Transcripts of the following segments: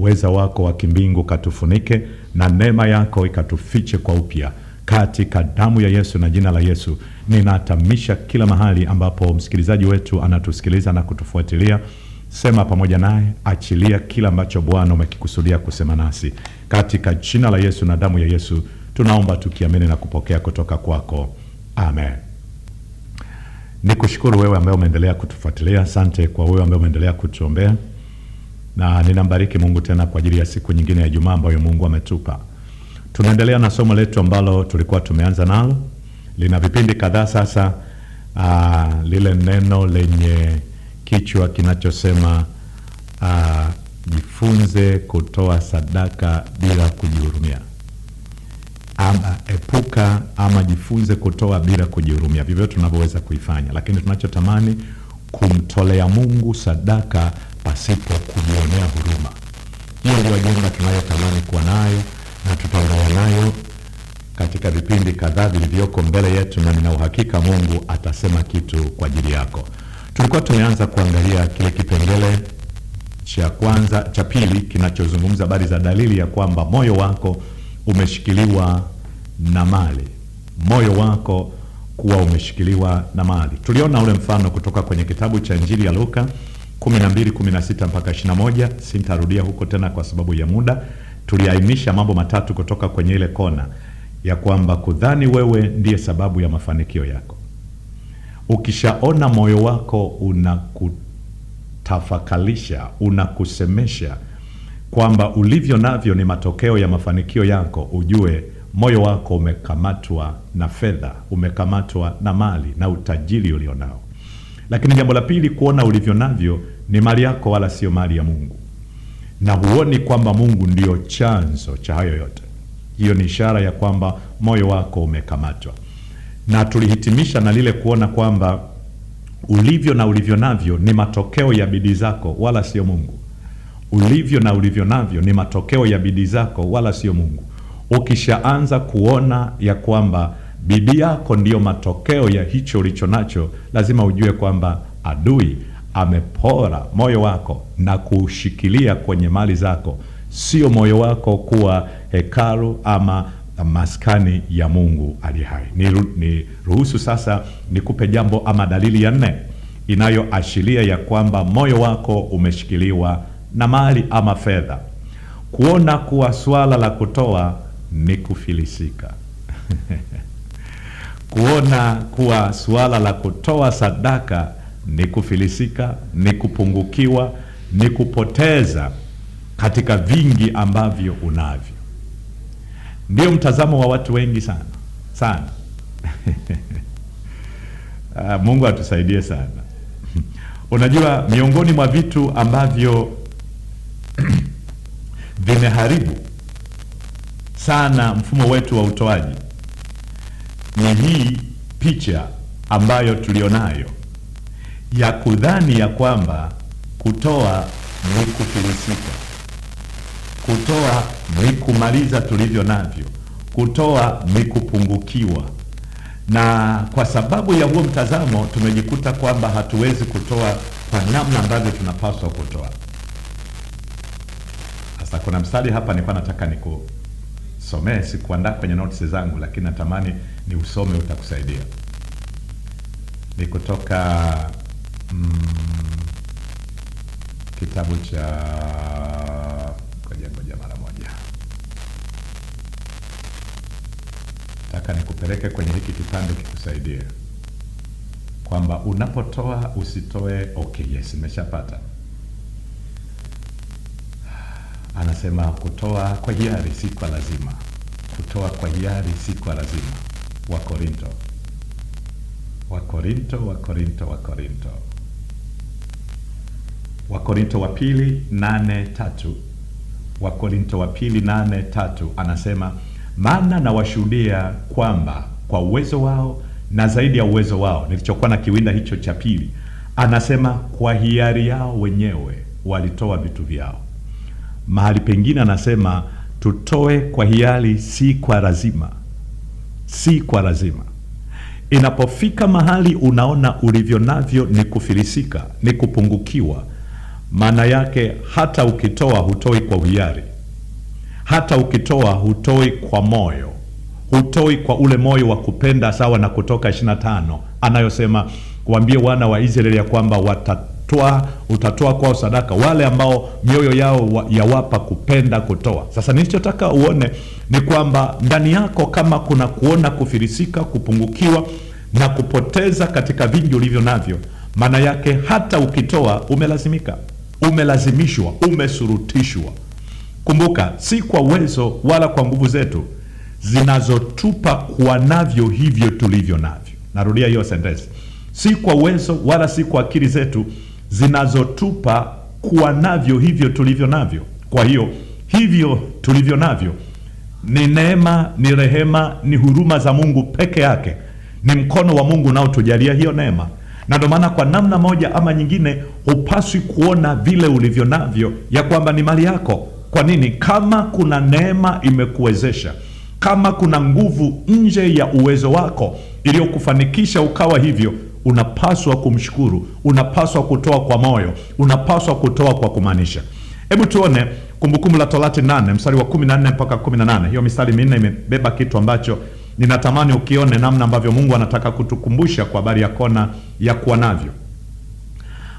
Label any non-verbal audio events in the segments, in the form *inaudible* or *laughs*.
uweza wako wa kimbingu katufunike na neema yako ikatufiche kwa upya katika damu ya Yesu na jina la Yesu. Ninatamisha kila mahali ambapo msikilizaji wetu anatusikiliza na kutufuatilia, sema pamoja naye, achilia kila ambacho Bwana umekikusudia kusema nasi katika jina la Yesu na damu ya Yesu. Tunaomba tukiamini na kupokea kutoka kwako, amen. Nikushukuru wewe ambaye umeendelea kutufuatilia. Asante kwa wewe ambaye umeendelea kutuombea na ninambariki Mungu tena kwa ajili ya siku nyingine ya Ijumaa ambayo Mungu ametupa. Tunaendelea na somo letu ambalo tulikuwa tumeanza nalo, lina vipindi kadhaa sasa. Aa, ah, lile neno lenye kichwa kinachosema aa, ah, jifunze kutoa sadaka bila kujihurumia ama epuka ama jifunze kutoa bila kujihurumia, vivyo tunavyoweza kuifanya, lakini tunachotamani kumtolea Mungu sadaka pasipo kujionea huruma. Hiyo ndio ajenda tunayotamani kuwa nayo na tutaendelea nayo katika vipindi kadhaa vilivyoko mbele yetu, na nina uhakika Mungu atasema kitu kwa ajili yako. Tulikuwa tumeanza kuangalia kile kipengele cha kwanza cha pili kinachozungumza habari za dalili ya kwamba moyo wako umeshikiliwa na mali, moyo wako kuwa umeshikiliwa na mali. Tuliona ule mfano kutoka kwenye kitabu cha Injili ya Luka 12:16 mpaka 21. Sintarudia huko tena kwa sababu ya muda. Tuliainisha mambo matatu kutoka kwenye ile kona ya kwamba kudhani wewe ndiye sababu ya mafanikio yako. Ukishaona moyo wako unakutafakalisha, unakusemesha kwamba ulivyo navyo ni matokeo ya mafanikio yako, ujue moyo wako umekamatwa na fedha, umekamatwa na mali na utajiri ulionao. Lakini jambo la pili, kuona ulivyo navyo ni mali yako wala sio mali ya Mungu, na huoni kwamba Mungu ndiyo chanzo cha hayo yote. Hiyo ni ishara ya kwamba moyo wako umekamatwa, na tulihitimisha na lile kuona kwamba ulivyo na ulivyo navyo ni matokeo ya bidii zako wala sio Mungu. Ulivyo na ulivyo navyo ni matokeo ya bidii zako wala sio Mungu. Ukishaanza kuona ya kwamba bidii yako ndiyo matokeo ya hicho ulicho nacho, lazima ujue kwamba adui amepora moyo wako na kuushikilia kwenye mali zako, sio moyo wako kuwa hekalu ama maskani ya Mungu aliye hai. Ni ruhusu sasa nikupe jambo ama dalili ya nne inayoashiria ya kwamba moyo wako umeshikiliwa na mali ama fedha, kuona kuwa swala la kutoa ni kufilisika *laughs* kuona kuwa suala la kutoa sadaka ni kufilisika, ni kupungukiwa, ni kupoteza katika vingi ambavyo unavyo. Ndio mtazamo wa watu wengi sana sana. *laughs* Ah, Mungu atusaidie sana. Unajua, miongoni mwa vitu ambavyo *clears throat* vimeharibu sana mfumo wetu wa utoaji ni hii picha ambayo tulionayo ya kudhani ya kwamba kutoa ni kufilisika, kutoa ni kumaliza tulivyo navyo, kutoa ni kupungukiwa. Na kwa sababu ya huo mtazamo, tumejikuta kwamba hatuwezi kutoa kwa namna ambavyo tunapaswa kutoa. Sasa kuna mstari hapa nilikuwa nataka niku somee, sikuandaa kwenye notes zangu, lakini natamani ni usome, utakusaidia. Ni kutoka mm, kitabu cha ngoja mara moja taka nikupeleke kwenye hiki kipande kikusaidia kwamba unapotoa usitoe okay. Yes, imeshapata anasema kutoa kwa hiari si kwa lazima, kutoa kwa hiari si kwa lazima. Wakorinto, Wakorinto, Wakorinto, Wakorinto, Wakorinto wa pili nane tatu Wakorinto wa pili nane tatu anasema maana nawashuhudia kwamba kwa uwezo wao na zaidi ya uwezo wao, nilichokuwa na kiwinda hicho cha pili, anasema kwa hiari yao wenyewe walitoa vitu vyao mahali pengine anasema tutoe kwa hiari, si kwa lazima, si kwa lazima. Inapofika mahali unaona ulivyo navyo ni kufilisika, ni kupungukiwa, maana yake hata ukitoa hutoi kwa hiari, hata ukitoa hutoi kwa moyo, hutoi kwa ule moyo wa kupenda, sawa na Kutoka 25 anayosema, kuambie wana wa Israeli ya kwamba wata utatoa utatoa kwao sadaka, wale ambao mioyo yao yawapa kupenda kutoa. Sasa nilichotaka uone ni kwamba ndani yako kama kuna kuona kufirisika, kupungukiwa na kupoteza katika vingi ulivyo navyo, maana yake hata ukitoa umelazimika, umelazimishwa, umesurutishwa. Kumbuka, si kwa uwezo wala kwa nguvu zetu zinazotupa kuwa navyo hivyo tulivyo navyo. Narudia hiyo sentensi, si kwa uwezo wala si kwa akili zetu zinazotupa kuwa navyo hivyo tulivyo navyo. Kwa hiyo hivyo tulivyo navyo ni neema, ni rehema, ni huruma za Mungu peke yake, ni mkono wa Mungu unaotujalia hiyo neema, na ndio maana kwa namna moja ama nyingine hupaswi kuona vile ulivyo navyo ya kwamba ni mali yako. Kwa nini? Kama kuna neema imekuwezesha, kama kuna nguvu nje ya uwezo wako iliyokufanikisha ukawa hivyo unapaswa kumshukuru, unapaswa kutoa kwa moyo, unapaswa kutoa kwa kumaanisha. Hebu tuone Kumbukumbu la Torati 8 mstari wa 14 mpaka 18. Hiyo mistari minne imebeba kitu ambacho ninatamani ukione namna ambavyo Mungu anataka kutukumbusha kwa habari ya kona ya kuwa navyo.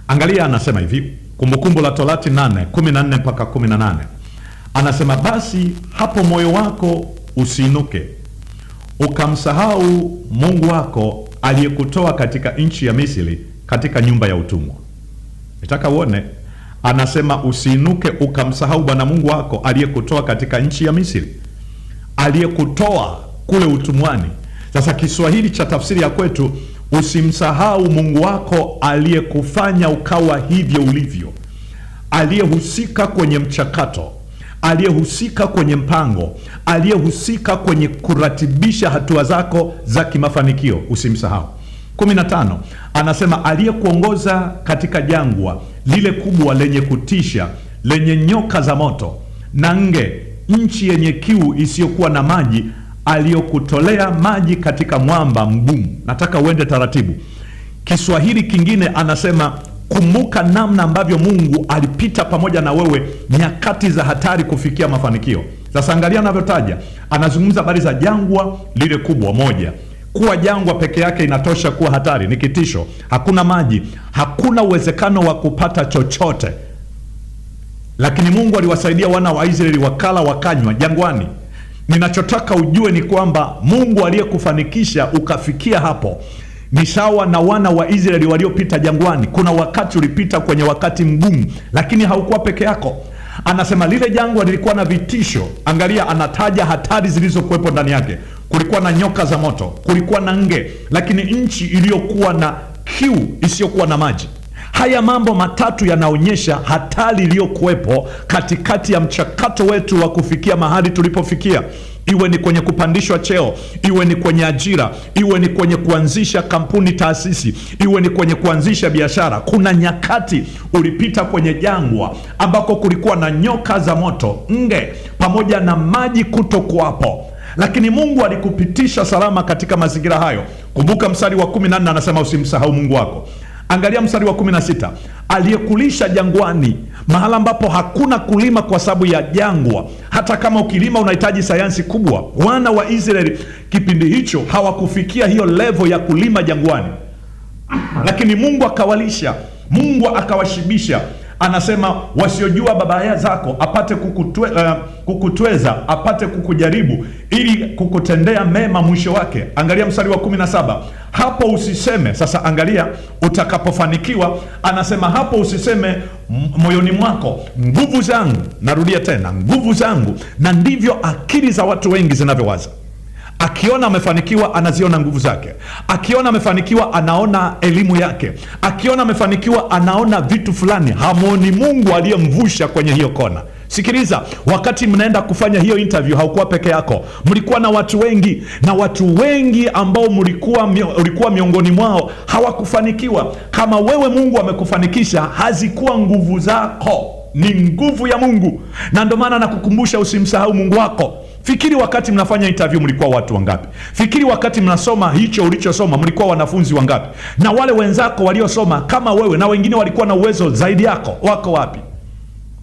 Angalia, anasema hivi, Kumbukumbu la Torati 8 14 mpaka 18, anasema basi hapo moyo wako usiinuke ukamsahau Mungu wako aliyekutoa katika nchi ya Misri katika nyumba ya utumwa. Nataka uone, anasema usiinuke ukamsahau Bwana Mungu wako aliyekutoa katika nchi ya Misri, aliyekutoa kule utumwani. Sasa Kiswahili cha tafsiri ya kwetu, usimsahau Mungu wako aliyekufanya ukawa hivyo ulivyo, aliyehusika kwenye mchakato aliyehusika kwenye mpango, aliyehusika kwenye kuratibisha hatua zako za kimafanikio, usimsahau. 15 anasema aliyekuongoza katika jangwa lile kubwa lenye kutisha lenye nyoka za moto na nge, nchi yenye kiu isiyokuwa na maji, aliyokutolea maji katika mwamba mgumu. Nataka uende taratibu. Kiswahili kingine anasema Kumbuka namna ambavyo Mungu alipita pamoja na wewe nyakati za hatari kufikia mafanikio. Sasa angalia anavyotaja, anazungumza habari za jangwa lile kubwa. Moja, kuwa jangwa peke yake inatosha kuwa hatari, ni kitisho. Hakuna maji, hakuna uwezekano wa kupata chochote, lakini Mungu aliwasaidia wana wa Israeli wakala wakanywa jangwani. Ninachotaka ujue ni kwamba Mungu aliyekufanikisha ukafikia hapo ni sawa na wana wa Israeli waliopita jangwani. Kuna wakati ulipita kwenye wakati mgumu, lakini haukuwa peke yako. Anasema lile jangwa lilikuwa na vitisho. Angalia, anataja hatari zilizokuwepo ndani yake. Kulikuwa na nyoka za moto, kulikuwa na nge, lakini nchi iliyokuwa na kiu isiyokuwa na maji. Haya mambo matatu yanaonyesha hatari iliyokuwepo katikati ya mchakato wetu wa kufikia mahali tulipofikia iwe ni kwenye kupandishwa cheo, iwe ni kwenye ajira, iwe ni kwenye kuanzisha kampuni taasisi, iwe ni kwenye kuanzisha biashara. Kuna nyakati ulipita kwenye jangwa ambako kulikuwa na nyoka za moto, nge, pamoja na maji kutokuwapo, lakini Mungu alikupitisha salama katika mazingira hayo. Kumbuka mstari wa 14 anasema usimsahau Mungu wako. Angalia mstari wa 16, aliyekulisha jangwani mahala ambapo hakuna kulima kwa sababu ya jangwa. Hata kama ukilima unahitaji sayansi kubwa. Wana wa Israeli kipindi hicho hawakufikia hiyo levo ya kulima jangwani, lakini Mungu akawalisha, Mungu akawashibisha anasema wasiojua baba zako apate kukutwe, uh, kukutweza apate kukujaribu ili kukutendea mema mwisho wake. Angalia mstari wa kumi na saba hapo usiseme sasa. Angalia utakapofanikiwa, anasema hapo usiseme moyoni mwako, nguvu zangu. Narudia tena, nguvu zangu. Na ndivyo akili za watu wengi zinavyowaza. Akiona amefanikiwa anaziona nguvu zake, akiona amefanikiwa anaona elimu yake, akiona amefanikiwa anaona vitu fulani, hamwoni Mungu aliyemvusha kwenye hiyo kona. Sikiliza, wakati mnaenda kufanya hiyo interview haukuwa peke yako, mlikuwa na watu wengi, na watu wengi ambao mlikuwa ulikuwa miongoni mwao hawakufanikiwa kama wewe. Mungu amekufanikisha, hazikuwa nguvu zako, ni nguvu ya Mungu. Na ndio maana nakukumbusha, usimsahau Mungu wako. Fikiri wakati mnafanya interview mlikuwa watu wangapi? Fikiri wakati mnasoma hicho ulichosoma mlikuwa wanafunzi wangapi? Na wale wenzako waliosoma kama wewe na wengine walikuwa na uwezo zaidi yako wako wapi?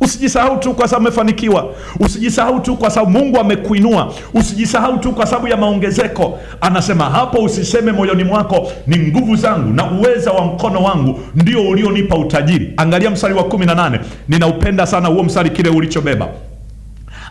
Usijisahau tu kwa sababu umefanikiwa. Usijisahau tu kwa sababu Mungu amekuinua. Usijisahau tu kwa sababu ya maongezeko. Anasema hapo, usiseme moyoni mwako, ni nguvu zangu na uweza wa mkono wangu ndio ulionipa utajiri. Angalia mstari wa 18. Ninaupenda sana huo mstari, kile ulichobeba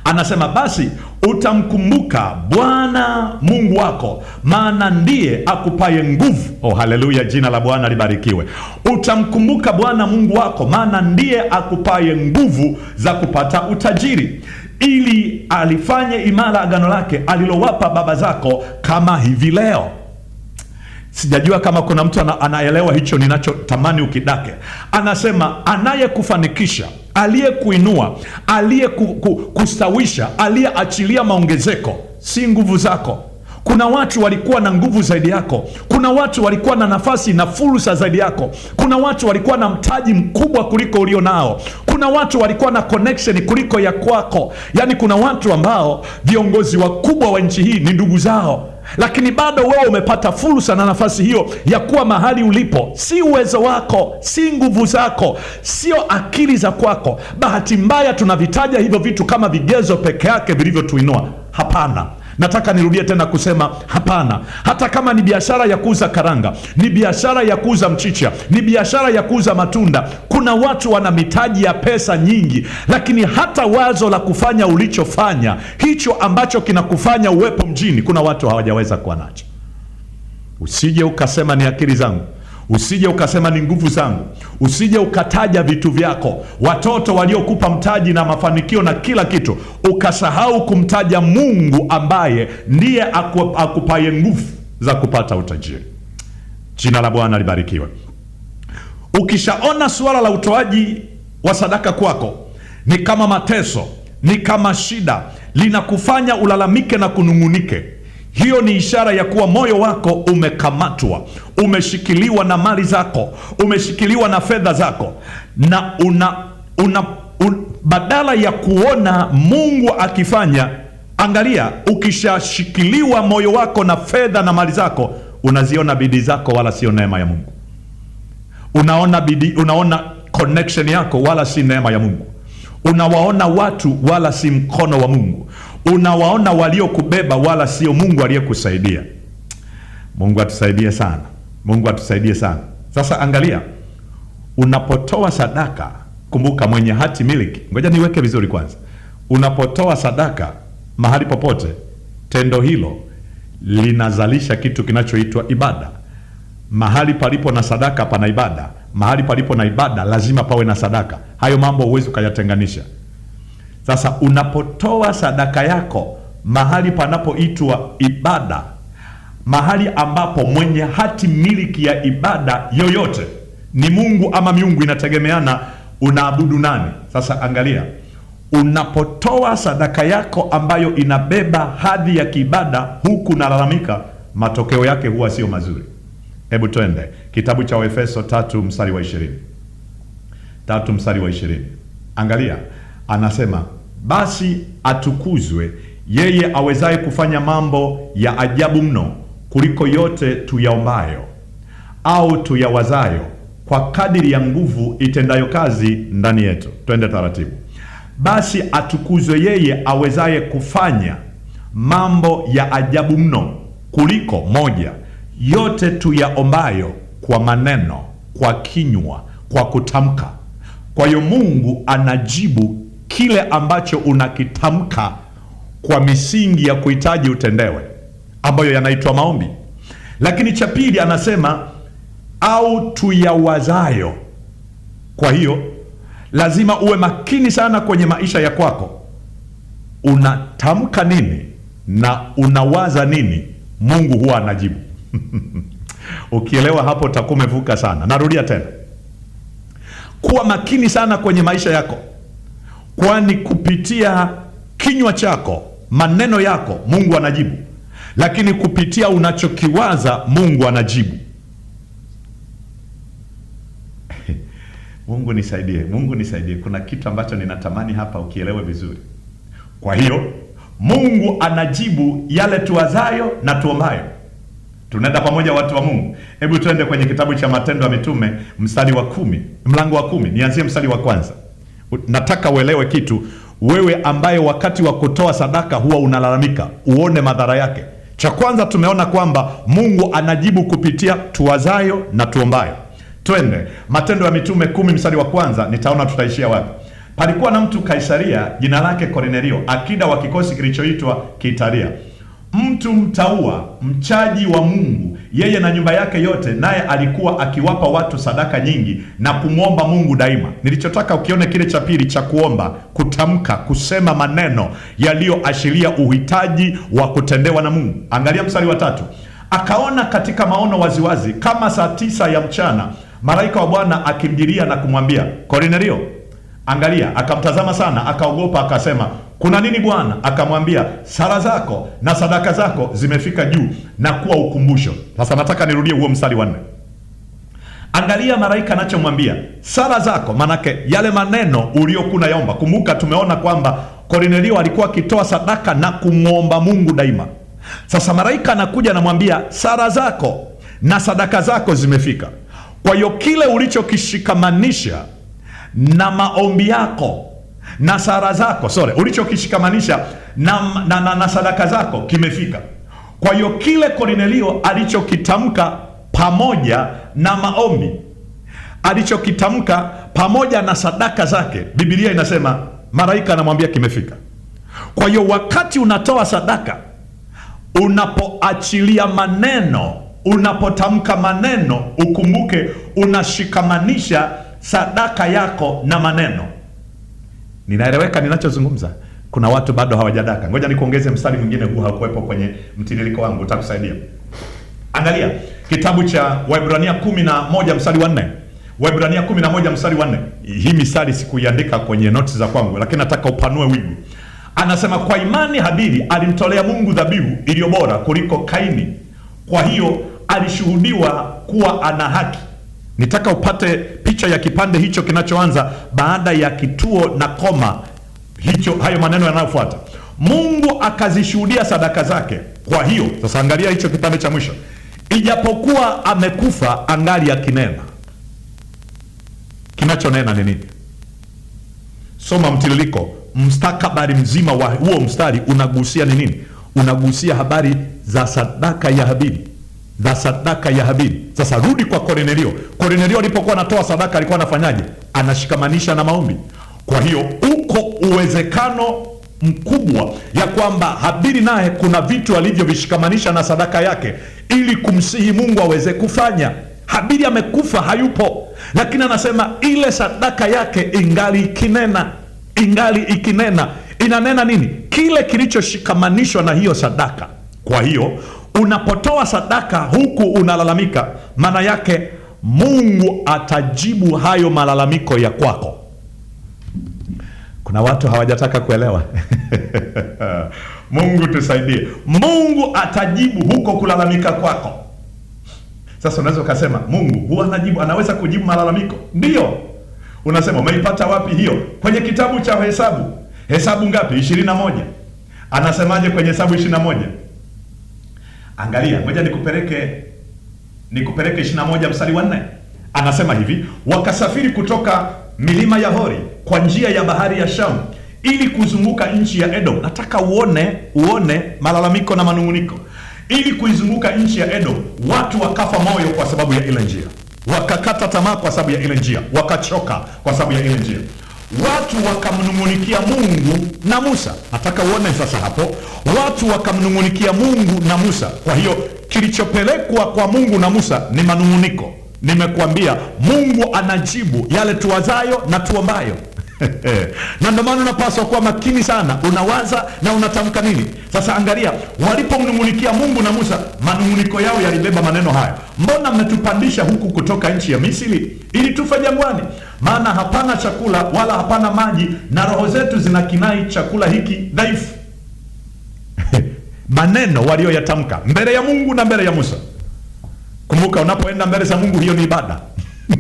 Anasema basi utamkumbuka Bwana Mungu wako, maana ndiye akupaye nguvu. Oh, haleluya! Jina la Bwana libarikiwe. Utamkumbuka Bwana Mungu wako, maana ndiye akupaye nguvu za kupata utajiri ili alifanye imara agano lake alilowapa baba zako kama hivi leo. Sijajua kama kuna mtu ana, anaelewa hicho ninachotamani ukidake. Anasema anayekufanikisha, aliyekuinua, aliyekustawisha, aliyeachilia maongezeko si nguvu zako. Kuna watu walikuwa na nguvu zaidi yako. Kuna watu walikuwa na nafasi na fursa zaidi yako. Kuna watu walikuwa na mtaji mkubwa kuliko ulio nao. Kuna watu walikuwa na connection kuliko ya kwako. Yaani, kuna watu ambao viongozi wakubwa wa nchi hii ni ndugu zao lakini bado wewe umepata fursa na nafasi hiyo ya kuwa mahali ulipo. Si uwezo wako, si nguvu zako, sio akili za kwako. Bahati mbaya tunavitaja hivyo vitu kama vigezo peke yake vilivyotuinua. Hapana. Nataka nirudie tena kusema hapana. Hata kama ni biashara ya kuuza karanga, ni biashara ya kuuza mchicha, ni biashara ya kuuza matunda, kuna watu wana mitaji ya pesa nyingi, lakini hata wazo la kufanya ulichofanya hicho ambacho kinakufanya uwepo mjini, kuna watu hawajaweza kuwa nacho. Usije ukasema ni akili zangu. Usije ukasema ni nguvu zangu, usije ukataja vitu vyako, watoto waliokupa mtaji na mafanikio na kila kitu, ukasahau kumtaja Mungu ambaye ndiye aku, akupaye nguvu za kupata utajiri. Jina la Bwana libarikiwe. Ukishaona suala la utoaji wa sadaka kwako ni kama mateso, ni kama shida, linakufanya ulalamike na kunung'unike hiyo ni ishara ya kuwa moyo wako umekamatwa, umeshikiliwa na mali zako, umeshikiliwa na fedha zako, na una, una un, badala ya kuona Mungu akifanya. Angalia, ukishashikiliwa moyo wako na fedha na mali zako, unaziona bidii zako, wala sio neema ya Mungu. Unaona bidii, unaona connection yako, wala si neema ya Mungu. Unawaona watu, wala si mkono wa Mungu unawaona waliokubeba wala sio Mungu aliyekusaidia. Mungu atusaidie sana, Mungu atusaidie sana. Sasa angalia, unapotoa sadaka, kumbuka mwenye hati miliki. Ngoja niweke vizuri kwanza, unapotoa sadaka mahali popote, tendo hilo linazalisha kitu kinachoitwa ibada. Mahali palipo na sadaka pana ibada, mahali palipo na ibada lazima pawe na sadaka. Hayo mambo huwezi ukayatenganisha. Sasa unapotoa sadaka yako mahali panapoitwa ibada, mahali ambapo mwenye hati miliki ya ibada yoyote ni Mungu ama miungu, inategemeana unaabudu nani. Sasa angalia, unapotoa sadaka yako ambayo inabeba hadhi ya kiibada, huku nalalamika, matokeo yake huwa sio mazuri. Hebu twende kitabu cha Waefeso tatu mstari wa ishirini tatu mstari wa ishirini angalia anasema basi atukuzwe yeye awezaye kufanya mambo ya ajabu mno kuliko yote tuyaombayo au tuyawazayo, kwa kadiri ya nguvu itendayo kazi ndani yetu. Twende taratibu. Basi atukuzwe yeye awezaye kufanya mambo ya ajabu mno kuliko moja, yote tuyaombayo kwa maneno, kwa kinywa, kwa kutamka. Kwa hiyo Mungu anajibu kile ambacho unakitamka kwa misingi ya kuhitaji utendewe, ambayo yanaitwa maombi. Lakini cha pili anasema au tuyawazayo. Kwa hiyo lazima uwe makini sana kwenye maisha ya kwako, unatamka nini na unawaza nini, Mungu huwa anajibu. *laughs* Ukielewa hapo utakuwa umevuka sana. Narudia tena, kuwa makini sana kwenye maisha yako kwani kupitia kinywa chako, maneno yako, Mungu anajibu, lakini kupitia unachokiwaza Mungu anajibu. *laughs* Mungu nisaidie, Mungu nisaidie. Kuna kitu ambacho ninatamani hapa ukielewe vizuri. Kwa hiyo Mungu anajibu yale tuwazayo na tuombayo. Tunaenda pamoja watu wa Mungu. Hebu tuende kwenye kitabu cha Matendo ya Mitume mstari wa kumi, mlango wa kumi, nianzie mstari wa kwanza. Nataka uelewe kitu, wewe ambaye wakati wa kutoa sadaka huwa unalalamika, uone madhara yake. Cha kwanza tumeona kwamba Mungu anajibu kupitia tuwazayo na tuombayo. Twende Matendo ya Mitume kumi mstari wa kwanza, nitaona tutaishia wapi. Palikuwa na mtu Kaisaria, jina lake Kornelio, akida wa kikosi kilichoitwa Kitaria, mtu mtaua, mchaji wa Mungu yeye na nyumba yake yote, naye alikuwa akiwapa watu sadaka nyingi na kumwomba Mungu daima. Nilichotaka ukione kile cha pili cha kuomba, kutamka, kusema maneno yaliyoashiria uhitaji wa kutendewa na Mungu. Angalia mstari wa tatu, akaona katika maono waziwazi kama saa tisa ya mchana malaika wa Bwana akimjilia na kumwambia, Kornelio Angalia, akamtazama sana, akaogopa, akasema kuna nini Bwana? Akamwambia, sala zako na sadaka zako zimefika juu na kuwa ukumbusho. Sasa nataka nirudie huo mstari wa nne. Angalia malaika anachomwambia, sala zako, manake yale maneno uliyokuna yaomba. Kumbuka tumeona kwamba Kornelio alikuwa akitoa sadaka na kumwomba Mungu daima. Sasa malaika anakuja anamwambia, sala zako na sadaka zako zimefika. Kwa hiyo kile ulichokishikamanisha na maombi yako na sara zako sore ulichokishikamanisha na, na, na, na sadaka zako kimefika. Kwa hiyo kile Kornelio alichokitamka pamoja na maombi alichokitamka pamoja na sadaka zake, Biblia inasema malaika anamwambia kimefika. Kwa hiyo wakati unatoa sadaka, unapoachilia maneno, unapotamka maneno, ukumbuke unashikamanisha sadaka yako na maneno. Ninaeleweka ninachozungumza? Kuna watu bado hawajadaka. Ngoja nikuongeze mstari mwingine, huu haukuwepo kwenye mtiririko wangu, utakusaidia. Angalia kitabu cha Waebrania moja mstari wa 4. Waebrania moja mstari wa nne. Hii misali sikuiandika kwenye noti za kwangu, lakini nataka upanue wigo. Anasema kwa imani Habili alimtolea Mungu dhabihu iliyo bora kuliko Kaini, kwa hiyo alishuhudiwa kuwa ana haki. Nitaka upate picha ya kipande hicho kinachoanza baada ya kituo na koma hicho, hayo maneno yanayofuata, Mungu akazishuhudia sadaka zake. Kwa hiyo sasa, angalia hicho kipande cha mwisho, ijapokuwa amekufa angali akinena. Kinachonena ni nini? Soma mtiririko, mstakabali mzima wa huo mstari unagusia ni nini? Unagusia habari za sadaka ya Habili za sadaka ya Habili. Sasa rudi kwa Kornelio. Kornelio alipokuwa anatoa sadaka alikuwa anafanyaje? Anashikamanisha na maombi. Kwa hiyo uko uwezekano mkubwa ya kwamba Habili naye kuna vitu alivyovishikamanisha na sadaka yake ili kumsihi Mungu aweze kufanya. Habili amekufa, hayupo, lakini anasema ile sadaka yake ingali ikinena, ingali ikinena. Inanena nini? Kile kilichoshikamanishwa na hiyo sadaka. Kwa hiyo Unapotoa sadaka huku unalalamika, maana yake Mungu atajibu hayo malalamiko ya kwako. Kuna watu hawajataka kuelewa *laughs* Mungu tusaidie. Mungu atajibu huko kulalamika kwako. Sasa unaweza ukasema Mungu huwa anajibu, anaweza kujibu malalamiko. ndio unasema umeipata wapi hiyo? Kwenye kitabu cha Hesabu. Hesabu ngapi? 21. Anasemaje kwenye Hesabu 21? Angalia, ngoja nikupeleke nikupeleke 21 mstari wa 4. Anasema hivi, wakasafiri kutoka milima ya Hori kwa njia ya bahari ya Shamu ili kuzunguka nchi ya Edom. Nataka uone uone malalamiko na manunguniko. Ili kuizunguka nchi ya Edom, watu wakafa moyo kwa sababu ya ile njia, wakakata tamaa kwa sababu ya ile njia, wakachoka kwa sababu ya ile njia watu wakamnung'unikia Mungu na Musa. Nataka uone sasa hapo, watu wakamnung'unikia Mungu na Musa. Kwa hiyo kilichopelekwa kwa Mungu na Musa ni manung'uniko. Nimekuambia Mungu anajibu yale tuwazayo na tuombayo. *laughs* na ndio maana unapaswa kuwa makini sana, unawaza na unatamka nini. Sasa angalia, walipomnung'unikia Mungu na Musa, manung'uniko yao yalibeba maneno haya, mbona mmetupandisha huku kutoka nchi ya Misri ili tufe jangwani? Maana hapana chakula wala hapana maji, na roho zetu zinakinai chakula hiki dhaifu. *laughs* maneno walioyatamka mbele ya Mungu na mbele ya Musa. Kumbuka, unapoenda mbele za Mungu, hiyo ni ibada *laughs*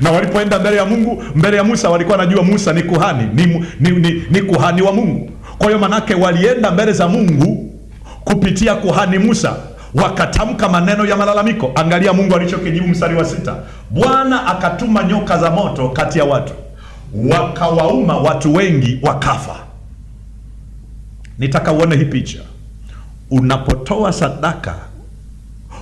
na walipoenda mbele ya Mungu, mbele ya Musa, walikuwa wanajua Musa ni kuhani, ni, ni, ni, ni kuhani wa Mungu. Kwa hiyo manake walienda mbele za Mungu kupitia kuhani Musa, wakatamka maneno ya malalamiko. Angalia Mungu alichokijibu, mstari wa sita: Bwana akatuma nyoka za moto kati ya watu, wakawauma watu wengi wakafa. Nitaka uone hii picha unapotoa sadaka.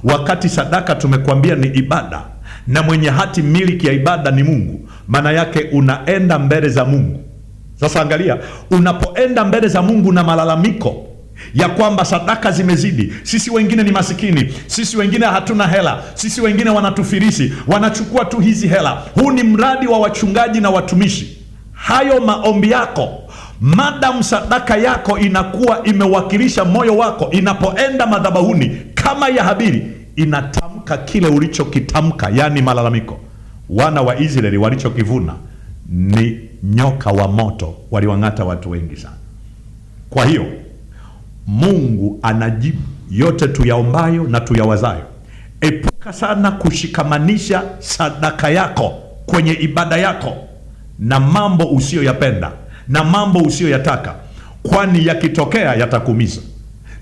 Wakati sadaka tumekuambia ni ibada na mwenye hati miliki ya ibada ni Mungu, maana yake unaenda mbele za Mungu. Sasa angalia, unapoenda mbele za Mungu na malalamiko ya kwamba sadaka zimezidi, sisi wengine ni masikini, sisi wengine hatuna hela, sisi wengine wanatufirisi, wanachukua tu hizi hela. Huu ni mradi wa wachungaji na watumishi. Hayo maombi yako madamu sadaka yako inakuwa imewakilisha moyo wako, inapoenda madhabahuni kama ya Habili inate hata kile ulichokitamka, yani malalamiko, wana wa Israeli walichokivuna ni nyoka wa moto, waliwang'ata watu wengi sana. Kwa hiyo Mungu anajibu yote tuyaombayo na tuyawazayo. Epuka sana kushikamanisha sadaka yako kwenye ibada yako na mambo usiyoyapenda na mambo usiyoyataka, kwani yakitokea yatakuumiza,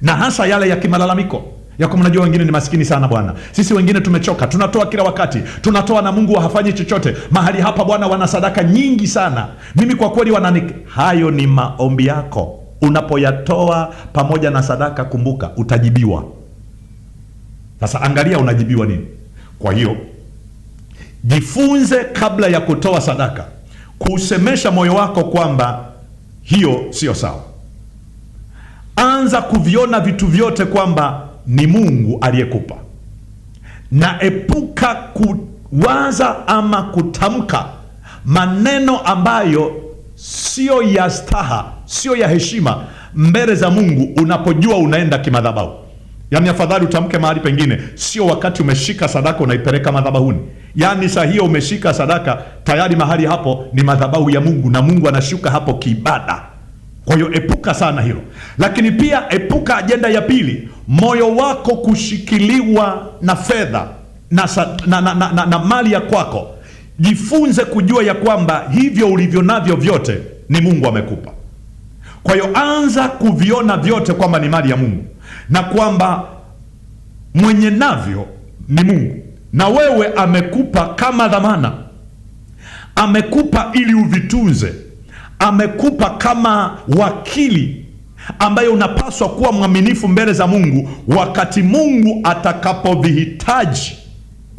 na hasa yale ya kimalalamiko yako. Mnajua wengine ni maskini sana Bwana, sisi wengine tumechoka, tunatoa kila wakati, tunatoa na Mungu hafanyi chochote. Mahali hapa Bwana wana sadaka nyingi sana, mimi kwa kweli wanani. Hayo ni maombi yako unapoyatoa pamoja na sadaka, kumbuka utajibiwa. Sasa angalia unajibiwa nini. Kwa hiyo jifunze kabla ya kutoa sadaka kuusemesha moyo wako kwamba hiyo sio sawa. Anza kuviona vitu vyote kwamba ni Mungu aliyekupa, na epuka kuwaza ama kutamka maneno ambayo sio ya staha, sio ya heshima mbele za Mungu unapojua unaenda kimadhabahu. Yaani afadhali utamke mahali pengine, sio wakati umeshika sadaka unaipeleka madhabahuni. Yaani saa hiyo umeshika sadaka tayari, mahali hapo ni madhabahu ya Mungu na Mungu anashuka hapo kiibada. Kwa hiyo epuka sana hilo, lakini pia epuka ajenda ya pili, moyo wako kushikiliwa na fedha na, na, na, na, na mali ya kwako. Jifunze kujua ya kwamba hivyo ulivyo navyo vyote ni Mungu amekupa. Kwa hiyo anza kuviona vyote kwamba ni mali ya Mungu na kwamba mwenye navyo ni Mungu, na wewe amekupa kama dhamana, amekupa ili uvitunze amekupa kama wakili ambaye unapaswa kuwa mwaminifu mbele za Mungu wakati Mungu atakapovihitaji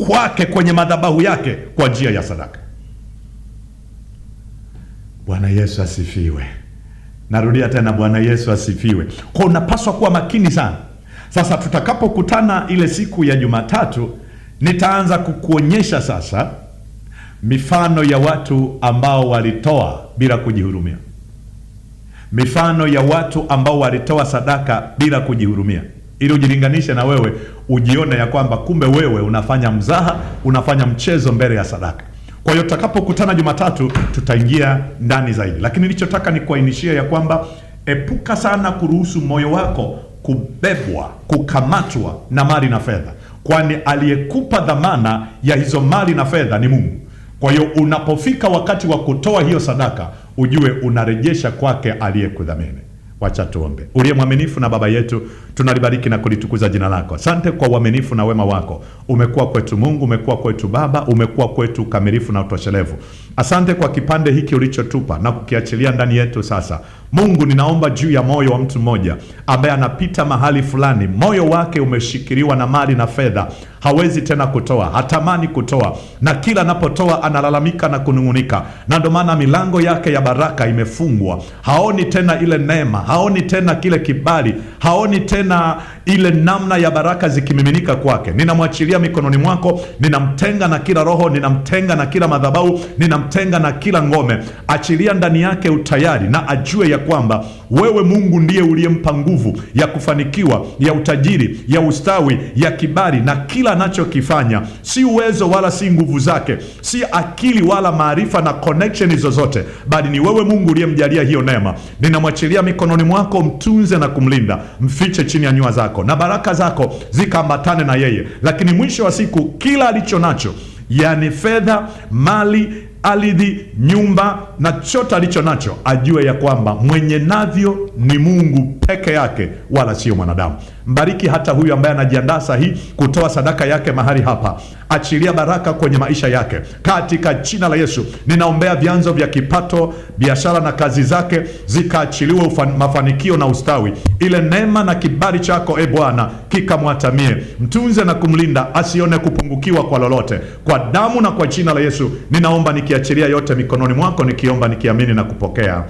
kwake kwenye madhabahu yake kwa njia ya sadaka. Bwana Yesu asifiwe. Narudia tena, Bwana Yesu asifiwe. Kwa unapaswa kuwa makini sana. Sasa tutakapokutana ile siku ya Jumatatu, nitaanza kukuonyesha sasa mifano ya watu ambao walitoa bila kujihurumia, mifano ya watu ambao walitoa sadaka bila kujihurumia, ili ujilinganishe na wewe, ujione ya kwamba kumbe wewe unafanya mzaha, unafanya mchezo mbele ya sadaka. Kwa hiyo tutakapokutana Jumatatu tutaingia ndani zaidi, lakini nilichotaka ni kuainishia ya kwamba epuka sana kuruhusu moyo wako kubebwa, kukamatwa na mali na fedha, kwani aliyekupa dhamana ya hizo mali na fedha ni Mungu. Kwa hiyo unapofika wakati wa kutoa hiyo sadaka, ujue unarejesha kwake aliyekudhamini. Wacha tuombe. Uliye mwaminifu na Baba yetu, tunalibariki na kulitukuza jina lako. Asante kwa uaminifu na wema wako. Umekuwa kwetu Mungu, umekuwa kwetu Baba, umekuwa kwetu kamilifu na utoshelevu. Asante kwa kipande hiki ulichotupa na kukiachilia ndani yetu sasa. Mungu, ninaomba juu ya moyo wa mtu mmoja ambaye anapita mahali fulani, moyo wake umeshikiliwa na mali na fedha hawezi tena kutoa, hatamani kutoa, na kila anapotoa analalamika na kunung'unika, na ndio maana milango yake ya baraka imefungwa. Haoni tena ile neema, haoni tena kile kibali, haoni tena ile namna ya baraka zikimiminika kwake. Ninamwachilia mikononi mwako, ninamtenga na kila roho, ninamtenga na kila madhabahu, ninamtenga na kila ngome. Achilia ndani yake utayari, na ajue ya kwamba wewe Mungu ndiye uliyempa nguvu ya kufanikiwa, ya utajiri, ya ustawi, ya kibali na kila anachokifanya, si uwezo wala si nguvu zake, si akili wala maarifa na connection zozote, bali ni wewe Mungu uliyemjalia hiyo neema. Ninamwachilia mikononi mwako, mtunze na kumlinda, mfiche chini ya nyua zako, na baraka zako zikaambatane na yeye. Lakini mwisho wa siku, kila alicho nacho, yani fedha, mali ardhi, nyumba na chote alicho nacho, ajue ya kwamba mwenye navyo ni Mungu peke yake, wala sio mwanadamu. Mbariki hata huyu ambaye anajiandaa saa hii kutoa sadaka yake mahali hapa. Achilia baraka kwenye maisha yake katika jina la Yesu. Ninaombea vyanzo vya kipato, biashara na kazi zake zikaachiliwe mafanikio na ustawi. Ile neema na kibali chako, e Bwana, kikamwatamie. Mtunze na kumlinda asione kupungukiwa kwa lolote, kwa damu na kwa jina la Yesu ninaomba niki nikiachilia yote mikononi mwako, nikiomba nikiamini na kupokea